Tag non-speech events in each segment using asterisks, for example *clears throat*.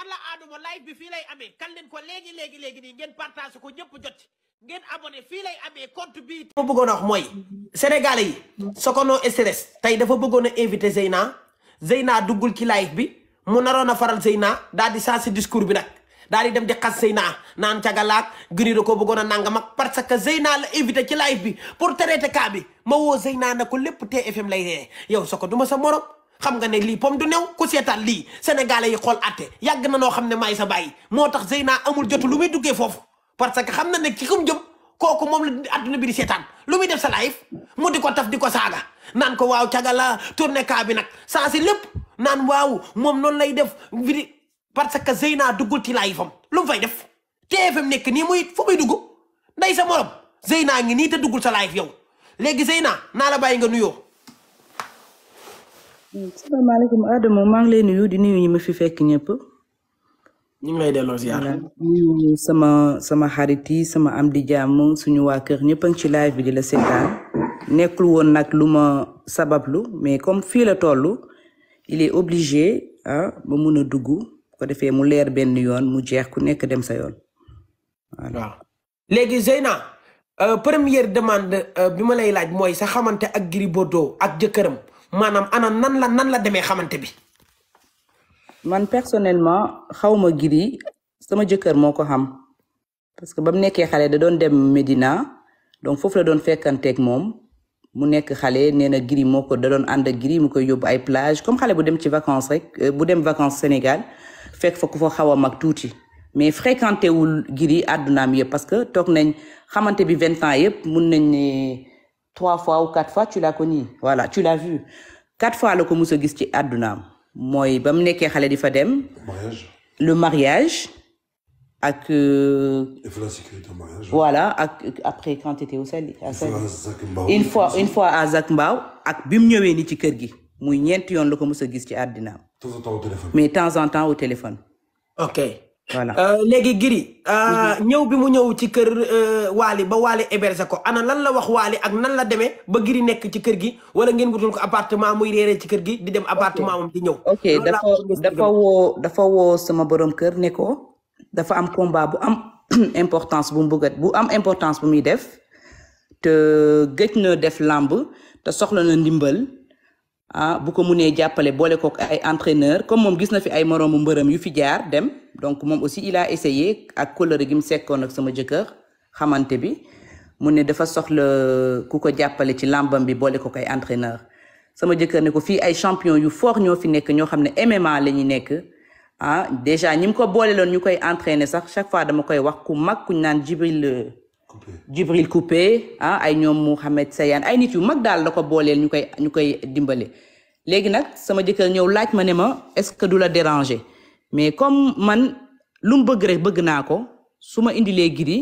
alla aaduma live bi fii lay amee kan leen ko léegi léegi léegi nii ngeen partage ko ñëpp jot ngeen abonné fii lay amee compte bi ma bëggoon a wax mooy sénégalais yi no SRS tey dafa bëggoon a invité Zeyna naa duggul ci live bi mu naroon a faral Zeyna daal di saa si discours bi nag daal di dem di xas Zeyna naan cagalaak gënida ko buggoon a nangam ak parce que naa la invité ci live bi pour traiter cas bi ma woo Zeyna na ko lépp TFM lay yow Soko du ma sa morom xam nga ne lii pom du new ku seetaan lii sénégalais yi xool atte yàgg na noo xam ne maay sa bàyyi moo tax Zeyna amul jotu lu muy duggee foofu parce que xam na ne ki kum jëm kooku moom la adduna bi di seetaan lu muy def sa live mu di ko taf di ko saaga naan ko waaw cagala tourné kaa bi nag saa si lépp naan waaw moom noonu lay def vidi parce que Zeyna duggul ti live am lu mu fay def TFM nekk nii muy fu muy dugg nday sa morom Zeyna ngi nii te duggul sa live yow léegi Zeyna naa la bàyyi nga nuyoo salaamaaleykum Adama maa ngi lay nuyu di nuyu ñi ma fi fekk ñëpp. ñu ngi lay delloo ziar. sama sama xarit yi sama am di jàmm suñu waa kër ñëpp a ngi ci live bi di la seetaan nekkul woon nag lu ma sabablu mais comme fii la toll il est obligé ah ba mun a dugg ko defee mu leer benn yoon mu jeex ku nekk dem sa yoon. waaw léegi Zeyna euh, première demande euh, bi ma lay laaj mooy sa xamante ak Gris ak jëkkëram. maanaam ana nan la nan la demee xamante bi. man personnellement xaw ma sama jëkkër moo ko xam parce que ba mu nekkee xale da doon dem Medina donc foofu la doon fekkanteeg moom mu nekk xale nee na Gris moo ko da doon ànd ak Gris mu koy yóbbu ay plage comme xale bu dem ci vacance rek euh, bu dem vacance Sénégal fekk fa ku fa xaw a mag tuuti mais fréquenté wul Gris àddunaam yëpp parce que toog nañ xamante bi vingt ans yëpp mun nañ ne trois fois ou quatre fois tu l'as connu voilà tu la vu quatre fois la ko mos gis ci àddunaam mooy ba mu nekkee xale di fa dem. mariage le mariage. ak. Euh, voilà ak après quand tu étais au Sali. une fois une fois à Zac ak bi mu ñëwee ni ci kër gi muy ñeenti yoon la ko mos a gis ci àddunaam. mais temps en temps au téléphone. voilà euh, léegi Gris. Euh, mhm. ñëw bi mu ñëw ci kër euh, Waly ba Waly héberge ko ana lan la wax Waly ak nan la demee ba Gris nekk ci kër gi wala ngeen wutul ko appartement muy réeree ci kër gi di dem appartement moom di ñëw. ok dafa dafa woo dafa woo sama boroom kër ne ko dafa am combat bu am *clears throat* importance bu mu bëgg bu am importance bu muy def te gëj na def làmb te soxla na ndimbal. ah bu ko munee jàppale boole ko ay entraîneur comme moom gis na fi ay moroomu mbërëm yu fi jaar dem donc moom aussi il a essayé ak kóllëre gi mu sekkoon ak sama jëkkër xamante bi mu ne dafa soxla ku ko jàppale ci làmbam bi boole ko ay entraîneur sama jëkkër ne ko fii ay champion yu fort ñoo fi nekk ñoo xam ne MMA la ñu nekk ah déjà ñi mu ko boole loon ñu koy entraîner sax chaque fois dama koy wax ku mag ku ñu naan Jibril euh, Jibril Coupé ah ay ñoom Mouhamed Seyane ay nit yu mag daal da ko booleel ñu koy ñu koy dimbale léegi nag sama jëkkër ñëw laaj ma ne ma est-ce que du la déranger mais comme man lu mu bëgg rek bëgg naa ko su ma indilee giri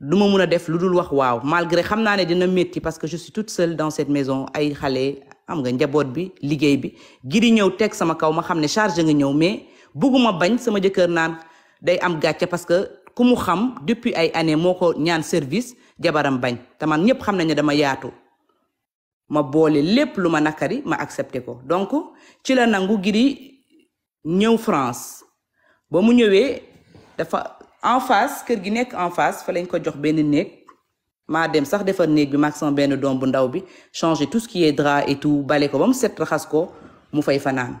duma mun a def lu dul wax waaw malgré xam naa ne dana métti parce que je suis toute seule dans cette maison ay xale am nga njaboot bi liggéey bi giri ñëw teg sama kaw ma xam ne charge nga ñëw mais bugguma bañ sama jëkkër naan day am gàcce ku mu xam depuis ay années moo ko ñaan service jabaram bañ te man ñëpp xam nañu dama yaatu ma boole lépp lu ma nakari ma accepté ko donc ci la nangu Gris ñëw France ba mu ñëwee dafa en face kër gi nekk en face fa lañ ko jox benn néeg maa dem sax defar néeg bi maag sama benn doom bu ndaw bi changé tout ce qui est drap et bale ko ba mu set raxas ko mu fay fanaan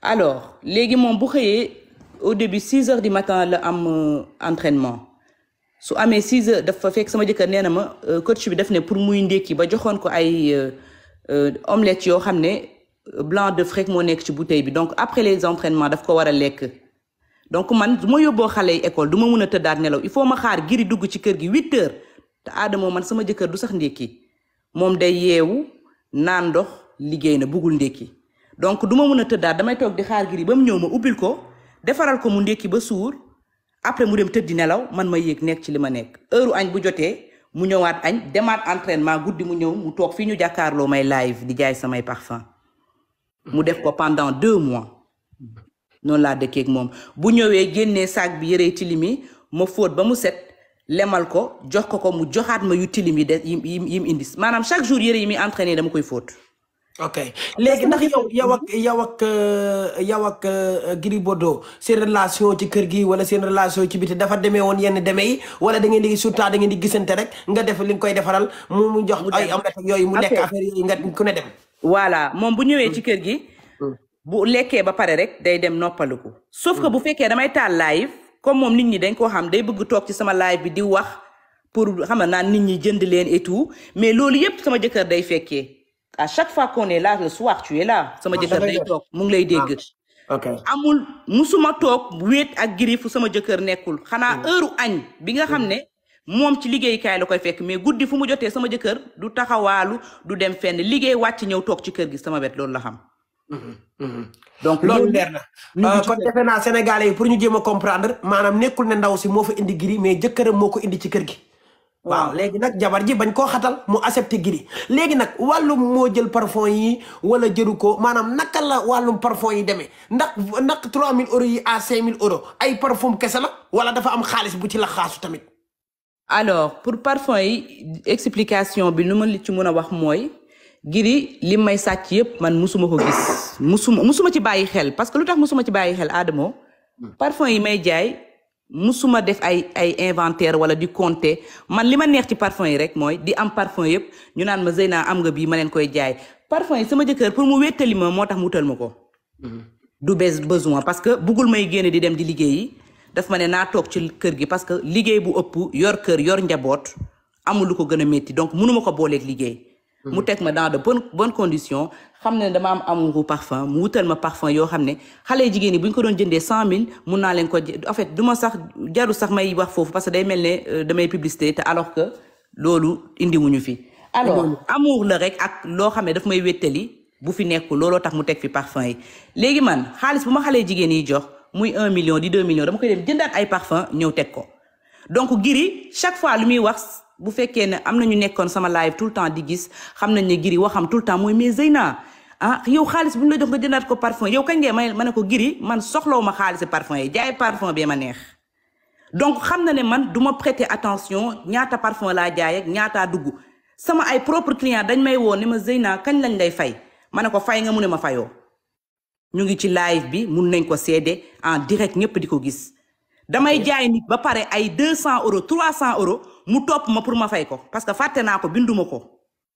alors léegi moom bu xëyee au début 6 heures du matin la am euh, entraînement su amee 6 heures dafa fekk sama jëkkër nee na ma euh, coach bi def ne pour muy ndékki ba joxoon ko ay euh, omelette yoo xam ne blanc d'œuf rek moo nekk ci bouteille bi donc après les entraînements daf ko war a lekk donc man du ma yóbboo xale yi école du ma mun a tëddaat nelaw il faut ma xaar giri dugg ci kër gi 8 heures te aadamoo man sama jëkkër du sax ndékki moom day yeewu naan ndox liggéey na buggul ndékki donc du ma mun a tëddaat damay toog di xaar giri ba mu ñëw ma ubbil ko defaral ko mu ndékki ba suur après mu dem tëddi nelaw man ma yéeg nekk ci li ma nekk heure añ bu jotee mu ñëwaat añ demaat entraînement guddi mu ñëw mu toog fii ñu jàkkaarloo may live di jaay samay parfum mu def ko pendant deux mois noonu laa dëkkeeg moom bu ñëwee génnee saag bi yëre yëree tilimi ma fóot ba mu set lemal ko jox ko ko mu joxaat ma yu tilim yi de yi yi mu indi maanaam chaque jour yëre yi muy entraîné dama koy fóot ok léegi ndax yow yow ak yow ak euh, yow ak euh, Gris Bordeaux seen relation ci kër gi wala seen relation ci biti dafa demee woon yenn deme yi wala da ngeen di surtout da ngeen di gisante rek nga def li nga koy defaral mu mu jox ay yooyu mu lekk affaire yooyu nga ku ne dem voilà moom bu ñëwee mm. ci kër gi mm. bu lekkee ba pare rek day dem noppaluku sauf que mm. bu fekkee damay taal live comme moom nit ñi dañ koo xam day bëgg toog ci sama live bi di wax pour xam naa nit ñi jënd leen et mais loolu yépp sama jëkkër day fekkee a chaque fois qu'on la là le soir tu la là sama ah, jëkkër day toog mu ngi lay dégg ah, amul musuma toog wéet ak giri fu sama jëkkër nekkul xanaa mm. heure añ bi nga xam mm. ne moom ci liggéey liggéeykaay la koy fekk mais guddi fu mu jotee sama jëkkër du taxawaalu du dem fenn liggéey wàcc ñëw toog ci kër gi sama wet loolu la xam mm-hmm. Mm-hmm. donc loolu leer na ah, kon defe naa sénégalais yi pour ñu jéem a comprendre maanaam nekkul ne ndaw si moo fa indi giri mais jëkkëram moo ko indi ci kër gi waaw léegi nag jabar ji bañ koo xatal mu accepté giri léegi nag wàllum moo jël parfum yi wala jëru ko maanaam naka la wàllum parfum yi demee ndax ndax 3000 euros yi à mille euros ay parfum kese la wala dafa am xaalis bu ci la xaasu tamit. alors pour parfum yi explication bi lu ma li ci mën a wax mooy giri li may sàcc yépp man musuma ko gis musuma musuma ci bàyyi xel parce que lu tax musuma ci bàyyi xel Adamo hmm. parfum yi may jaay. musuma def ay ay inventaire wala di compter man li ma neex ci parfum yi rek mooy di am parfum yëpp ñu naan ma naa am nga bii ma leen koy jaay parfum yi sama jëkkër pour mu wéttali ma moo tax mu wutal ma ko. Mm-hmm. du bees besoin parce que buggul may génne di dem di liggéeyi daf ma ne naa toog ci kër gi parce que liggéey bu ëpp yor kër yor njaboot amul lu ko gën a métti donc mënuma ko booleek liggéey. mu mhm. teg ma dans de bonnes bonnes conditions xam ne dama am amuñu parfum mu wutal ma parfum yoo xam ne xale jigéen ñi bu ñu ko doon jëndee cent mille mun naa leen ko en fait du ma sax jarul sax may wax foofu parce que day mel ne euh, damay publicité te alors que loolu indiwuñu fi. alors amour la rek ak loo xam ne daf may wéttali bu fi nekkul looloo tax mu teg fi parfum yi léegi man xaalis bu ma xale jigéen yi jox muy un million di deux millions dama koy dem jëndaat ay parfum ñëw teg ko donc giri chaque fois lu muy wax. bu fekkee ne am na ñu nekkoon sama live tout le temps di gis xam nañ ne giri waxam tout le temps mooy mais Zeyna ah yow xaalis bu ñu la jox nga jëndaat ko parfum yow kañ ngay ma ne ko giri man soxlawu ma xaalisi parfum yi jaay parfum bee ma neex donc xam na ne man du ma prêter attention ñaata parfum laa jaay ñaataa dugg sama ay propre client dañ may woo ne ma Zeyna kañ lañ lay fay ma ne ko fay nga mu ne ma fayoo ñu ngi ci live bi mun nañ ko seede en direct ñëpp di ko gis damay jaay nit ba pare ay 200 euros 300 euros mu topp ma pour ma fay ko parce que fàtte naa ko binduma ko.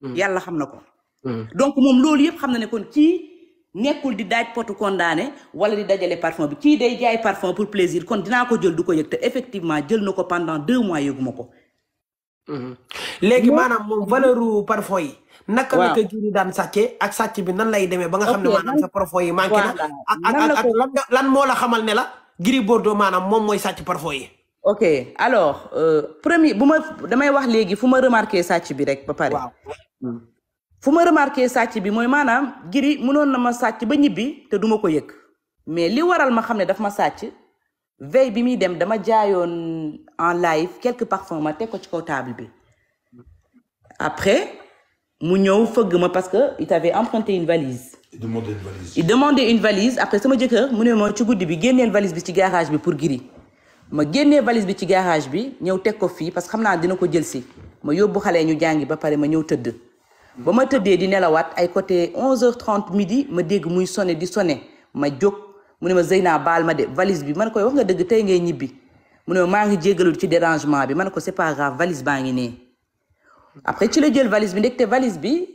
Hmm. yàlla xam na ko. Hmm. donc moom loolu yëpp xam na ne kon kii nekkul di daaj potu condamné wala di dajale parfum bi kii day jaay parfum pour plaisir kon dinaa ko jël du ko yëg te effectivement jël na ko pendant deux mois yëguma ko. Hmm. léegi maanaam moom valeuru parfum yi. naka naka juri daan sàcce ak sàcc bi nan lay demee ba nga xam ne maanaam sa parfum yi manqué na ak ak lan moo la xamal ne la Gris Bordeaux maanaam moom mooy sàcc parfum yi. ok alors euh, premier bu ma damay wax léegi fu ma remarqué sàcc bi rek ba pare. Hmm. fu ma remarqué sàcc bi mooy maanaam giri mënoon na ma sàcc ba ñibbi te duma ko yëg mais li waral ma xam ne daf ma sàcc veille bi muy dem dama jaayoon en live quelques parfums ma teg ko ci kaw table bi après mu ñëw fëgg ma parce que il avait emprunté une valise. il demandait une valise. il demandait une valise après sama jëkkër mu ne ma ci guddi bi génneel valise bi ci garage bi pour giri. ma génnee valise bi ci garage bi ñëw teg ko fii parce que xam naa dina ko jël si ma yóbbu xale ñu jàngi ba pare ma ñëw tëdd ba ma tëddee di nelawaat ay côté 11h30 midi ma dégg muy sonné di sonné ma jóg mu ne ma naa baal ma de valise bi man koy wax nga dëgg tey ngay ñibbi mu ne maa ngi jégalul ci dérangement bi man ko c'est pas grave valise baa ngi nee après ci la jël valise bi te valise bi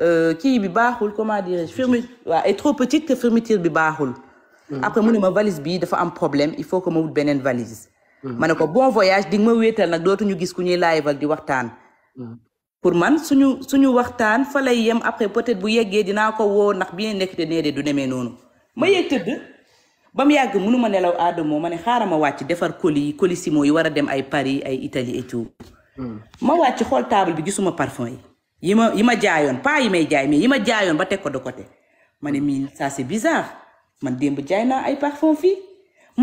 euh, kii bi baaxul comment dirais-je fermi waaw trop petite que bi baaxul Mm. après mu ne ma valise bi dafa am problème il faut que ma wut beneen valise. Mm. ma ne ko bon voyage di nga ma wéetal nag dootuñu gis ku ñuy live ak di waxtaan. Mm. pour man suñu suñu waxtaan fa lay yem après peut-être bu yeggee dinaa ko woo ndax bien nekk te nee de du demee noonu. ma yegg tëdd ba mu yàgg mënu ma nelaw aadamoo ma ne xaaral ma wàcc defar colis yi colissimo yi war a dem ay Paris ay Italie et tout. ma wàcc xool taable bi gisuma parfum yi. yi ma yi ma jaayoon pas yi may jaay mais yi ma jaayoon ba teg ko de côté ma ne mii ça c'est man démb jaay naa ay parfum fii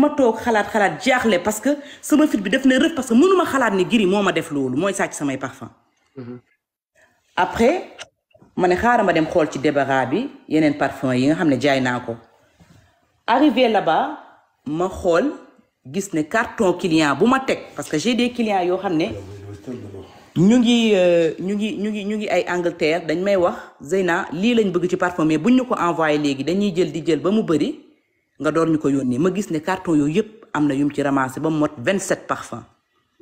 ma toog xalaat xalaat jaaxle parce que sama fit bi def na rëf parce que mënuma xalaat ni giri moo ma def loolu mooy sàcc samay parfum après ma ne xaaral ma dem xool ci débara bi yeneen parfum yi nga xam ne jaay naa ko arrivé la ba ma xool gis ne carton client bu ma teg parce que j'ai des clients yoo xam ne ñu ngi euh, ñu ngi ñu ngi ñu ngi ay Angleterre dañ may wax Zeyna lii lañ bëgg ci parfum mais buñ ñu ko envoyé léegi dañuy jël di jël ba mu bëri nga door ñu ko yónnee ma gis ne carton yooyu yëpp am na yum ci ramassé ba mu mot 27 parfum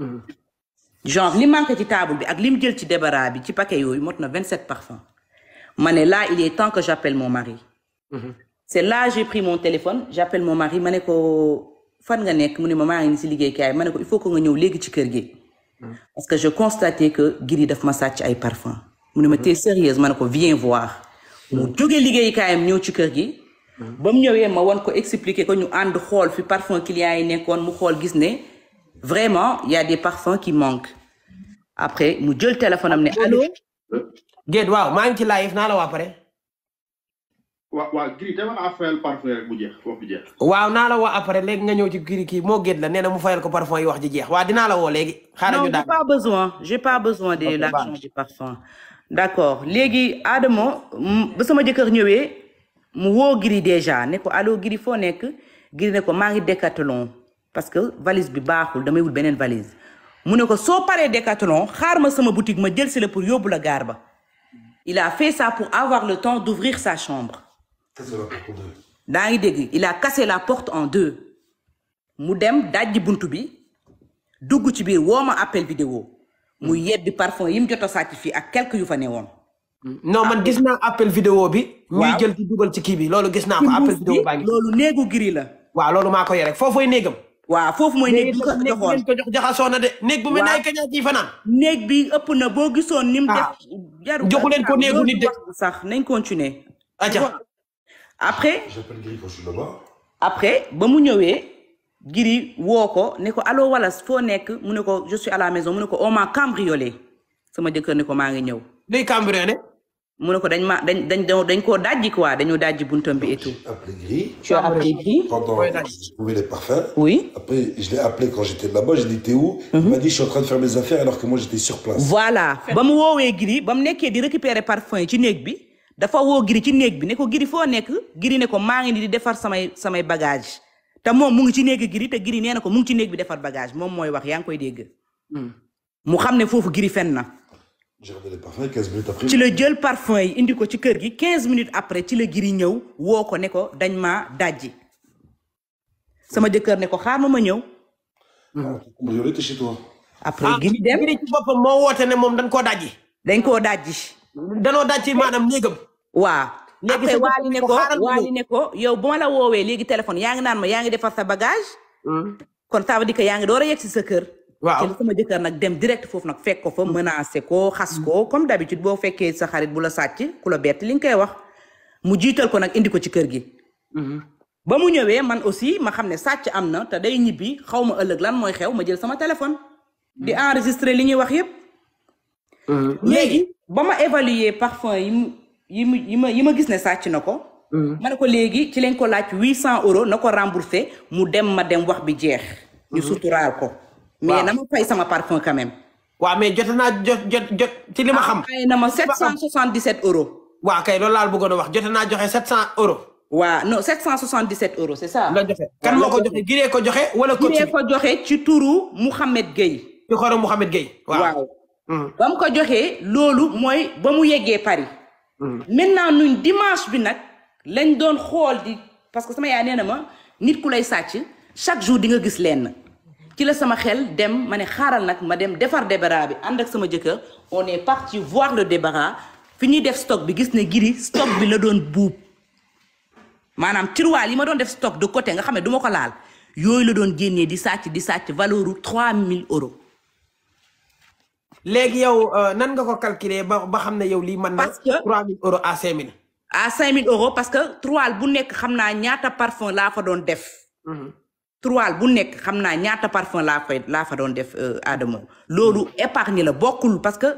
mm-hmm. genre li manqué ci table bi ak lim jël ci débarras bi ci pake yooyu mot na 27 parfum ma ne là il est temps que j' appelle mon mari. Mm-hmm. c' est là j'ai pris mon téléphone j' appelle mon mari ma ne ko fan nga nekk mu ne ma maa ngi si liggéeykaay ma ne ko il faut que nga ñëw léegi ci kër gi. Mm. parce que je constatais que Giri daf ma sàcc ay parfum mu ne ma mm. tee sérieuse ma ne ko viens voir mm. mu jóge kaayam ñëw ci kër gi ba mu ñëwee ma wan ko expliquer ko ñu ànd xool fi parfum clients yi nekkoon mu xool gis ne vraiment y a des parfums qui manquent après mu jël téléphone am ne ah, allo. Guède waaw maa ngi ci live naa la waa pare. waaw waaw dama la waaw naa la woo après léegi nga ñëw ci giri kii moo gét la nee na mu fayal ko parfum yi wax ji jeex waaw dinaa la woo léegi. xaaral ñu daal non j'ai pas besoin j'ai pas besoin de l'argent du parfum. léegi Adamo sama jëkkër ñëwee mu woo Gris déjà ne ko allo Gris foo nekk Gris ko maa ngi Decathlon parce que valise bi baaxul damay beneen valise mu ne ko soo paree Decathlon xaar ma sama boutique ma jël si la pour yóbbu la gaar ba il a fait ça pour avoir le temps d'ouvrir sa chambre. daa ngi dégg il a la porte en deux mu dem dajji bunt bi dugg ci biir woo ma appel vidéo mu mm. yebbi parfum yi mu jot a sàcc fii ak quelques yu fa ne woon. Mm. non man ah, gis naa appel vidéo bi. ñuy jël di dugal ci kii bi loolu gis naa ko. appel vidéo baa ngi loolu néegu giri la. waaw loolu maa ko yore foofooy néegam. waaw foofu mooy néeg bi ko jox jaxasoo na de. néeg bu mel ay kañaa ci fanaan. néeg bi ëpp na boo gisoon. ni mu ah. joxu leen ko néegu nit de. sax nañ continuer. acca après après ba mu ñëwee Gris woo ko ne ko allo Wallace foo nekk mu ne ko je suis à la maison mu ne ko on m'a cambriolé sama jëkkër ne ko maa ngi ñëw. day cambriolé. mu ne ko dañ ma dañ dañ dañ koo dajji quoi dañoo dajji buntam bi et tout. tu as après je l'ai appelé quand j'étais là mhm. m'a dit je train de faire mes que moi j'étais sur place. voilà ba mu woowee Gris ba mu nekkee di récupérer parfum yi ci néeg bi. dafa woo giri ci néeg bi ne ko giri foo nekk giri ne ko maa ngi ni di defar samay samay bagage te moom mu ngi ci néeg giri te nee na ko mu ngi ci néeg bi defar bagage moom mooy wax yaa ngi koy dégg. Hmm. mu xam ne foofu giri fen na. ci la jël parfum yi indi ko ci kër gi 15 minutes après ci la giri ñëw woo ko ne ko dañ ma dajji sama jëkkër ne ko xaar ma ma ñëw. Ah, après ah, giri dem giri ci boppam moo woote ne moom dañ koo dajji. dañ koo dajji. danoo daaj ci maanaam néegam. waa léegi après waali ne ko waali ne ko yow bu ma la woowee léegi téléphone yaa ngi naan ma yaa ngi defar sa bagage. Hmm. kon ça veut yaa ngi door a yegg si sa kër. waaw te sama jëkkër nag dem direct foofu nag fekk ko fa hmm. menacé ko xas ko hmm. comme d'habitude boo fekkee sa xarit bu la sàcc ku la bett li nga koy wax mu jiital ko nag indi ko ci kër gi. ba mu ñëwee man aussi ma xam ne sàcc am na te day ñibbi xaw ma ëllëg lan mooy xew ma jël sama téléphone. di enregistrer li ñuy wax yépp léegi ba ma évaluer parfum yi mu yi yi ma yi ma gis ne sàcc na ko. Mm-hmm. ma ne ko léegi ci lañ ko laaj huit cent euros na ko remboursé mu dem ma dem wax bi jeex. ñu mm-hmm. suturaal ko. mais na ma fay sama parfum quand même. waaw mais jot naa jot jot jot ci li ma ah, xam. fay na ma sept cent soixante dix sept euros. waaw kay loolu laal bëggoon a wax jote naa joxe sept cent euros. waa non 777 euros c'est ça. nga joxe kan moo ko joxe giree ko joxe. wala ko ci giree ko joxe ci turu Mouhamed Gueye. ci xorom Mouhamed Gueye. waaw Mm. ba mu ko joxee loolu mooy ba mu yeggee Paris. Mm. maintenant nuñ dimanche bi nag lañ doon xool di parce que sama yaay nee na ma nit ku lay sàcc chaque jour di nga gis lenn. ci la sama xel dem ma ne xaaral nag ma dem defar débara bi ànd ak sama jëkkër on est parti voir le débarras fi ñuy def stock bi gis ne giri stock bi la doon buub maanaam tiroir yi ma doon def stock de côté nga xam ne duma ko laal yooyu la doon génnee di sàcc di sàcc valeur u mille euros. léegi yow euh, nan nga ko calculer ba ba xam na yow lii man na. parce que 3000 à 5000. à 5000 parce que toile bu nekk xam naa ñaata parfum laa fa doon def. Mhm. toile bu nekk xam naa ñaata parfum laa fay laa fa doon def euh, Adama loolu mhm. épargne la bokkul parce que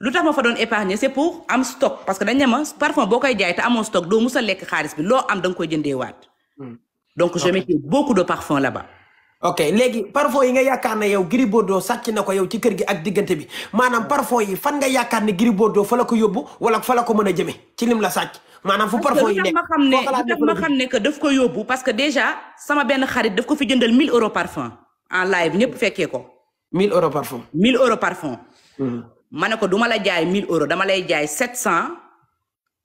lu tax ma fa doon épargner c'est pour am stock parce que dañ ne ma parfum boo koy jaay te amoo stock doo mus a lekk xaalis bi loo am danga koy jëndee waat. Mhm. donc je mettais beaucoup de parfum là ok léegi parfum yi nga yaakaar na yow Gris Bordeaux sàcc na ko yow ci kër gi ak diggante bi maanaam parfum yi fan nga yaakaar ne Gris Bordeaux fa la ko yóbbu wala fa la ko mën a jëme ci lim la sàcc maanaam fu parfum yi nekk ma ne tax ma xam ne que daf ko yóbbu parce que déjà sama benn xarit daf ko fi jëndal 1000 euros parfum en live ñëpp fekkee ko 1000 euros parfum 1000 euros parfum hmm. ma ne ko du la jaay 1000 euros dama lay jaay 700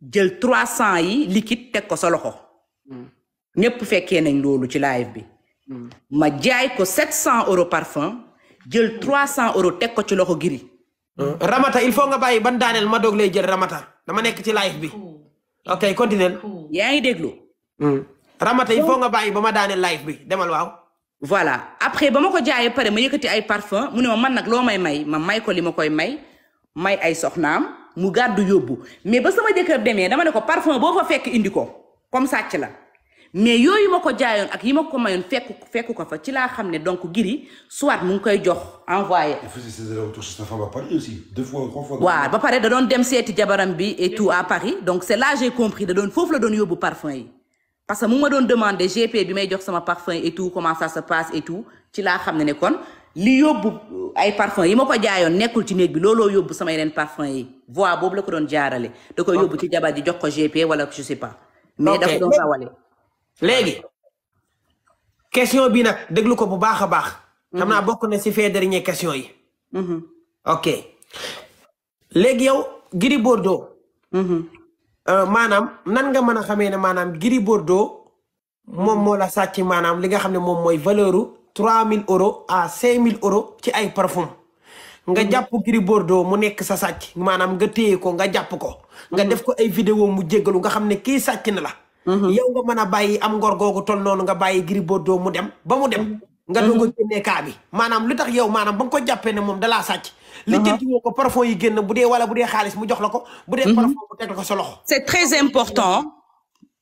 jël 300 yi liquide teg ko sa loxo hmm. ñëpp fekkee nañ loolu ci live bi ma jaay ko 700 euros parfum jël 300 euros teg ko ci loxo giri. Euh, Ramata il faut nga bàyyi ban daaneel ma doog lay jël Ramata dama nekk ci live bi. ok continue. yaa ngi déglu. Hmm. Ramata il nga bàyyi ba ma daaneel live bi demal waaw. voilà après ba ma ko jaayee pare ma yëkkati ay parfum mu ne ma man nag loo may may ma may ko li ma koy may may ay soxnaam mu gàddu yóbbu mais ba sama jëkkër demee dama ne ko parfum boo fa fekk indi ko comme sàcc la. mais yooyu ma ko jaayoon ak yi ma ko mayoon fekku fekku ko fa ci laa xam ne donc giri soit mu ngi koy jox envoyé. waa ba pare da doon dem seeti jabaram bi et tout à Paris donc c'est là j'ai doon foofu la doon yóbbu parfum yi. parce que mu ma doon demandé GP bi may jox sama parfum et tout comment ça se ci laa xam ne ne kon li yóbbu ay parfum yi ma ko jaayoon nekkul ci néeg bi looloo yóbbu sama yeneen parfum yi voie boobu la ko doon jaarale. da koy yóbbu ci jabar ji jox ko GP wala je sais pas. mais dafa doon rawale. léegi question bi nag déglu ko bu baax a baax. xam naa mhm. bokk na si fee dernier question yi. Mhm. ok léegi yow Gris Bordeaux. Mhm. Euh, maanaam nan nga mën a xamee ne maanaam Gris Bordeaux moom moo la sàcc maanaam li nga xam ne moom mooy valeur u trois mille euros à cinq mille euros ci ay parfum nga jàpp Gris Bordeaux mu nekk sa sàcc maanaam nga téye ko nga jàpp ko. nga def ko ay vidéo mu jéggalu nga xam ne ki sàcc na la. Mm-hmm. yow nga mën a bàyyi am ngor googu toll noonu nga bàyyi Gris Bordeaux mu dem ba mu dem. Mm-hmm. nga doog a mm-hmm. génnee bi maanaam lu tax yow maanaam ba nga ko jàppee ne moom dalaa sàcc. li jënti woo ko parfum yi génn bu dee wala bu dee xaalis mu jox la ko. bu dee parfum mu teg ko sa loxo. c'est très important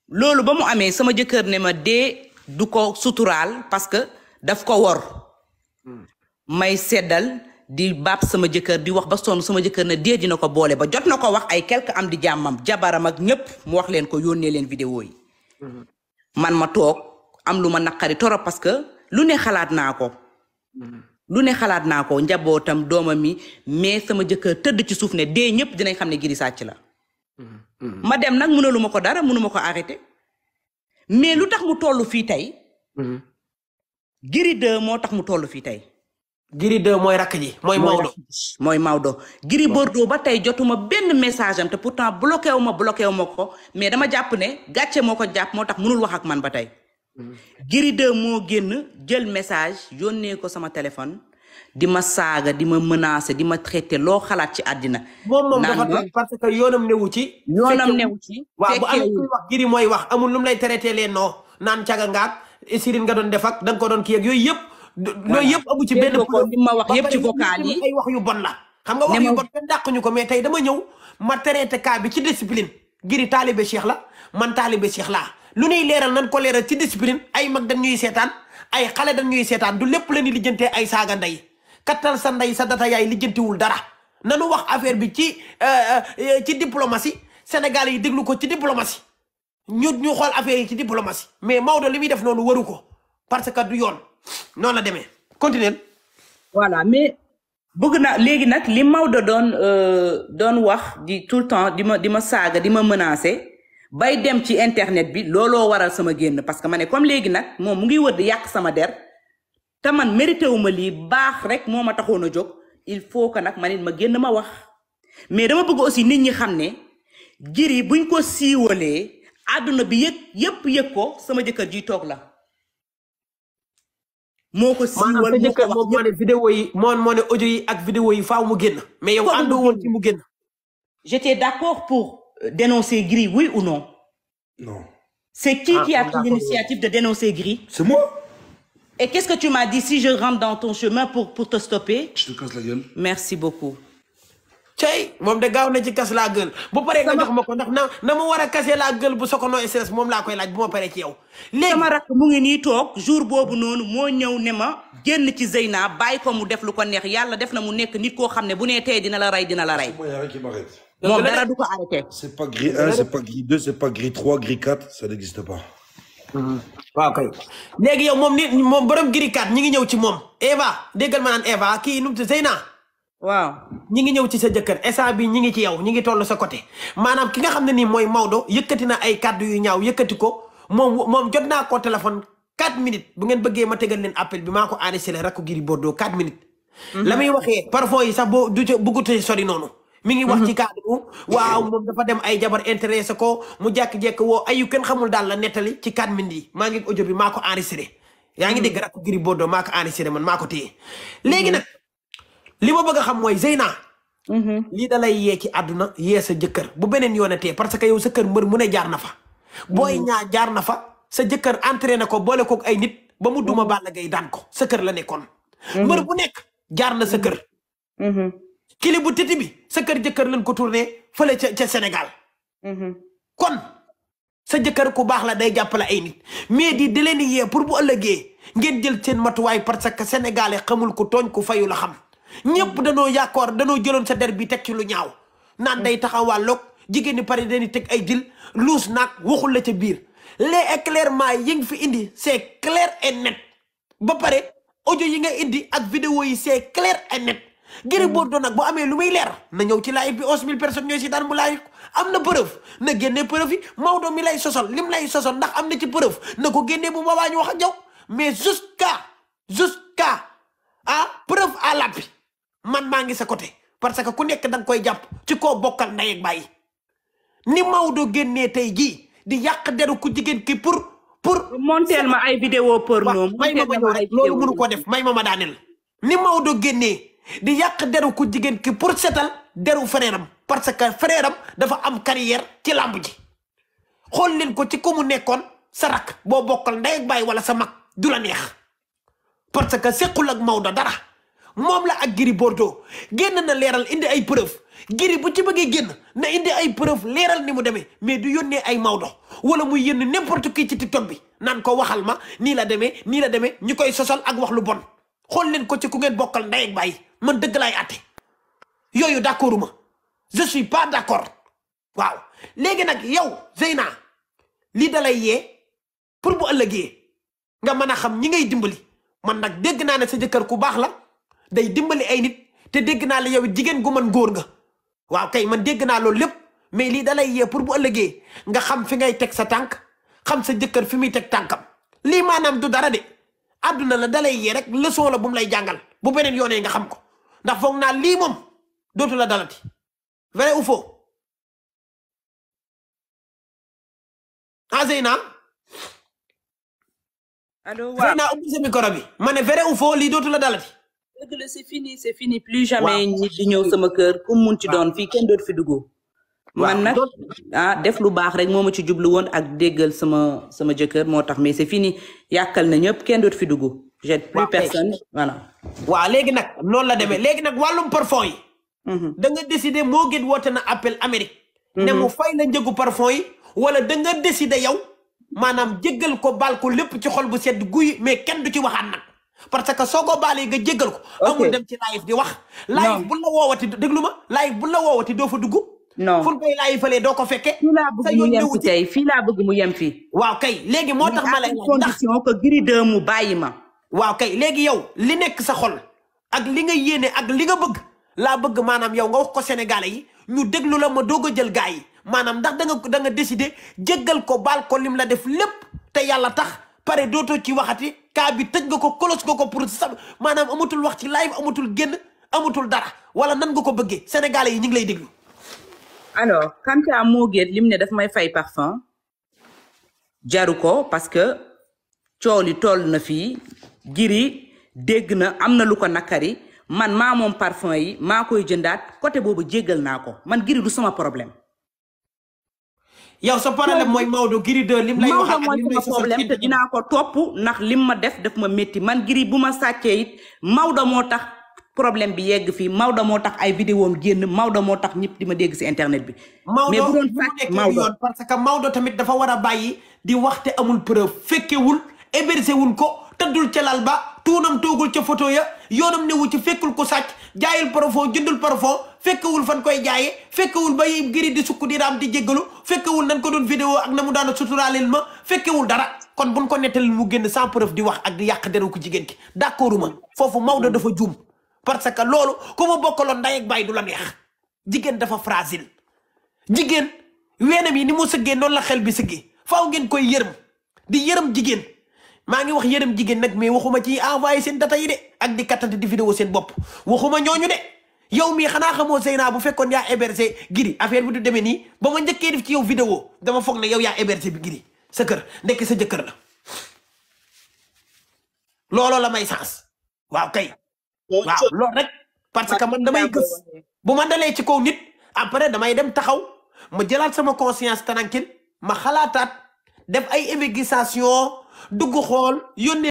loolu ba mu amee sama jëkkër ne ma dee du ko suturaal parce que daf ko wor. Mm. may seddal di baab sama jëkkër di wax ba sonn sama jëkkër ne dee dina ko boole ba jot na ko wax ay quelque am di jàmmam jabaram ak ñëpp mu wax leen ko yónnee leen vidéo yi. Mhm. man ma toog am lu ma naqari torop parce que lu ne xalaat naa ko. Mhm. lu ne xalaat naa ko njabootam doomam mi mais sama jëkkër tëdd ci suuf ne dee ñëpp dinañ xam ne giri sàcc la. Mhm. ma dem nag mënalu ma ko dara mënu ma ko arrêté. mais lu tax mu toll fii tey. giri de moo tax mu toll fii tey. Gris 2 mooy rakk ji mooy Maodo mooy Maodo Gris Bordeaux ba tey jotuma benn message am te pourtant bloqué wu ma bloqué wu ma ko mais dama jàpp ne gàcce moo ko jàpp moo tax mënul wax ak man ba tey Gris 2 moo génn jël message yónnee ko sama téléphone di ma saaga di ma menacer di ma traiter loo xalaat ci àddina moom moom dafa toog parce que yoonam newu ci yoonam newu ci waaw bu amul wax mooy wax amul lu mu lay traiter leen noo naan caga ngaam Sirine nga doon def ak ko doon ki ak yooyu yëpp loolu yëpp amu ci benn li ma wax yëpp ci vocal yi ay wax yu bon la xam nga wax yu bon kenn dàq ñu ko mais tey dama ñëw ma traité ka bi ci discipline ngir taalibe Cheikh la man taalibe Cheikh laa lu ñuy leeral nan ko leeral ci discipline ay mag dañ ñuy seetaan ay xale dañ ñuy seetaan du lépp la ñuy lijjantee ay saaga ndey kattal sa ndey sa data yaay lijjantiwul dara nanu wax affaire bi ci euh, euh, ci diplomatie Sénégal yi déglu ko ci diplomatie ñu ñu xool affaire yi ci diplomatie mais Maodo li muy def noonu waru ko parce que du yoon noonu la demee continuer voilà mais bëgg na léegi nag li Maodo doon euh, doon wax di tout le temps di ma di ma saaga di ma menacer bay dem ci internet bi looloo waral sama génn parce que ma ne comme léegi nag moom mu ngi wër di yàq sama der te man mérité wu ma lii baax rek moo ma taxoon a jóg il faut que nag ma nit ma génn ma wax mais dama bëgg aussi nit ñi xam ne Giri buñ ko siiwalee àdduna bi yëg yëpp yëg ko sama jëkkër ji toog la moo ko siiwal moo ko wax vidéo yi moom moo ne audio ak vidéo yi faaw mu génn. mais yow àndoo woon ci mu génn. j'étais d'accord pour euh, dénoncer Gris oui ou non. non. c'est qui ah, qui a pris l'initiative de dénoncer Gris. c'est moi. et qu'est-ce que tu m'as dit si je rentre dans ton chemin pour pour te stopper. la gueule. merci beaucoup. cey moom de gaaw na ci kas laa gël bu paree nga jox ma ko ndax na na ma war a kasee laa gël bu sokono stress moom laa koy laaj bu ma paree ci yow léegi sama rakk mu ngi nii toog jour boobu noonu moo ñëw ne ma génn ci Zeyna bàyyi ko mu def lu ko neex yàlla def na mu nekk nit koo xam ne bu nee tey dina la rey dina la rey moom dara du ko arrêté c'est pas gris 1 c'est pas gris 2 c'est pas gris 3 gris pas hmm. léegi yow moom nit moom borom gris 4 ñi ngi ñëw ci moom Eva déggal ma naan Eva kii nu mu Zeyna waaw ñi ngi ñëw ci sa jëkkër instant bi ñi ngi ci yow ñi ngi toll sa côté maanaam ki nga xam ne nii mooy Maodo yëkkati na ay kàddu yu ñaaw yëkkati ko moom moom jot naa ko téléphone 4 minutes bu ngeen bëggee ma tegal leen appel bi maa ko enregistré la rakku Gris Bordeaux 4 minutes. Mhm. la muy waxee parfois yi sax boo du ca bëggut sori noonu. mi ngi wax mhm. ci kàddu waaw moom dafa dem ay jabar intéressé ko mu jàkk-jekk woo ay yu kenn xamul daal la nettali ci 4 minutes yi maa ngi ojo bi maa ko enregistré. yaa ngi mhm. dégg rakku Gris Bordeaux maa ko enregistré man maa ko téye léegi nag. li ma bëgg a xam mooy Zeyna. Mm-hmm. lii da lay yee ci àdduna yee sa jëkkër bu beneen yoonatee parce que yow sa kër mbër mu ne jaar na fa. Mm-hmm. booy ñaa jaar na fa sa jëkkër entraîné ko boole kook ay nit ba mu duma mm-hmm. Balla Gaye daan ko sa kër la nekkoon. mbër bu nekk jaar na sa kër. kili bu titi bi sa kër jëkkër lañ ko turne fële ca ca senegal kon sa jëkkër ku baax la day jàppale ay nit mais di di leen yee pour bu ëllëgee ngeen jël seen matuwaay parce que sénégalais xamul ku tooñ ku fayu la xam. ñëpp danoo yaakoor danoo jëloon sa der bi teg ci lu ñaaw naan day taxawàlloog jigéen ñi pare dañuy teg ay jil luus naag waxul la ca biir les éclairement yi nga fi indi c'est clair et net ba pare audio yi nga indi ak vidéo yi c'est clair et net Gris mm. Bordeaux nag bu amee lu muy leer na ñëw ci live bi onze mille personnes ñooy si daan mu live am na preuve na génnee preuve yi Maodo mi lay sosol lim lay sosol ndax am na ci preuve na ko génnee bu ma ñu wax ak yow mais jusqu'à jusqu'à ah preuve à man maa ngi sa côté parce que ku nekk danga koy jàpp ci koo bokkal ndey ak bàyyi ni Maodo génnee tey jii di yàq deru ku jigéen ki pour pour. monteel ma ay vidéo porno ma ma ñëw mënu koo def may ma ma daaneel ni Maodo génnee di yàq deru ku jigéen ki pour setal deru frère parce que frère dafa am carrière ci làmb ji xool leen ko ci ku mu nekkoon sa rak boo bokkal ndey ak bàyyi wala sa mag du la neex parce que sequl ak Maodo dara. moom la ak Gris Bordeaux génn na leeral indi ay preuve Gris bu ci bëggee génn na indi ay preuve leeral ni mu demee mais du yónnee ay Maodo wala muy yénn n'importe qui ci TikTok bi naan ko waxal ma nii la demee nii la demee ñu koy sosal ak wax lu bon xool leen ko ci ku bokkal ndey ak man dëgg laay àtte yooyu d'accorduma je suis pas d'accord waaw léegi nag yow Zeyna li dalay yee pour bu ëllëgee nga mën a xam ñi ngay dimbali man nag dégg naa ne sa jëkkër ku baax la day dimbali ay nit te dégg naa la yow jigéen gu mën góor nga waaw kay man dégg naa loolu lépp mais lii dalay yee pour bu ëllëgee nga xam fi ngay teg sa tànk xam sa jëkkër fi muy teg tànkam lii maanaam du dara de àdduna la dalay yee rek leçon la bu mu lay jàngal bu beneen yoonee nga xam ko ndax foog naa lii moom dootu la dalati vrai ou faux ah Zeyna allo waaw Zeyna ubbi sa micro bi ma ne vrai ou faux lii dootu la dalati dëgg la c'est fini c'est fini plus jamais nit ñëw sama kër ku mun ci doon fii kenn doot fi dugg man nag ah def lu baax rek moo ma ci jublu woon ak déggal sama sama jëkkër moo tax mais c'est fini yàkkal na ñëpp kenn dootu fi dugg j'ai plus personne voilà waaw léegi nag noonu la demee léegi nag wàllum parfum yi mhm. da nga décider moo gën woote na appel Amérique ne mhm. mu fay la njëgu parfum yi wala da nga décider yow maanaam jëggal ko baal lépp ci xol bu sedd guy mais kenn du ci waxaat nag parce que soo ko baalee nga jëggal ko. amul dem ci live di wax. live bu la woowati déglu ma live bu la woowati doo fa dugg. non fu koy doo ko fekke fii laa bëgg mu yem fi tey fii laa bëgg mu yem fi waaw kay léegi moo tax ma lay ndax ko giri de mu bàyyi ma. waaw kay léegi yow li nekk sa xol ak li nga yéene ak li nga bëgg laa bëgg maanaam yow nga wax ko Sénégalais yi ñu déglu la ma doog jël gaa yi maanaam ndax da nga da nga décider jéggal ko baal ko lim la def lépp te yàlla tax. pare dootoo ci waxati kaa bi tëj nga ko kolos nga ko pour sa maanaam amatul wax ci live amatul génn amatul dara wala nan nga ko bëggee sénégalais yi ñu ngi lay déglu. alors Kanta moo géet lim ne daf may fay parfum jaru ko parce que coow li toll na fii giri dégg na am na lu ko nakari man maa moom parfum yi maa koy jëndaat côté boobu jéggal naa ko man giri du sama problème. yow sa problème mooy Maodo Gris 2 lim lay wax mooy sama problème te dinaa ndax lim ma def daf ma métti man Gris bu ma sàccee Maodo moo tax problème bi yegg fii Maodo moo tax ay vidéoom génn Maodo moo tax ñëpp di ma dégg ci internet bi. mais bu doon sàcc Maodo parce que Maodo tamit dafa war a bàyyi di waxte amul preuve fekkewul hébergé wul ko tëddul ca ba. tuunam toogul ca photo ya yoonam newu ci fekkul ko sàcc jaayul parfum jëndul parfum fekkewul fan koy jaaye fekkewul ba giri di sukk di raam di jéggalu fekkewul nan ko doon vidéo ak na mu daan daana suturaaleel ma fekkewul dara kon buñ ko nettalil mu génn sans preuve di wax ak di yàq deru ko jigéen ki d'accord ma foofu Maodo dafa juum parce que loolu ku ma bokkaloon ndey ak baay du la jigéen dafa fragile jigéen weenam yi ni mu sëggee noonu la xel bi sëggee faaw ngeen koy yërëm di yërëm jigéen maa ngi wax yërëm jigéen nag mais waxuma ci envoyé seen data yi de ak di kattante di vidéo seen bopp waxuma ñooñu de yow mi xanaa xamoo Zeyna bu fekkoon yaa hébergé giri affaire bi du demee nii ba ma njëkkee def ci yow vidéo dama foog ne yow yaa hébergé bi giri sa kër ndekk sa jëkkër la looloo la may saas waaw kay waaw loolu rek parce que man damay gës bu ma dalee ci kaw nit après damay dem taxaw ma jëlaat sama conscience tranquille ma xalaataat def ay investigation dugg xool yónnee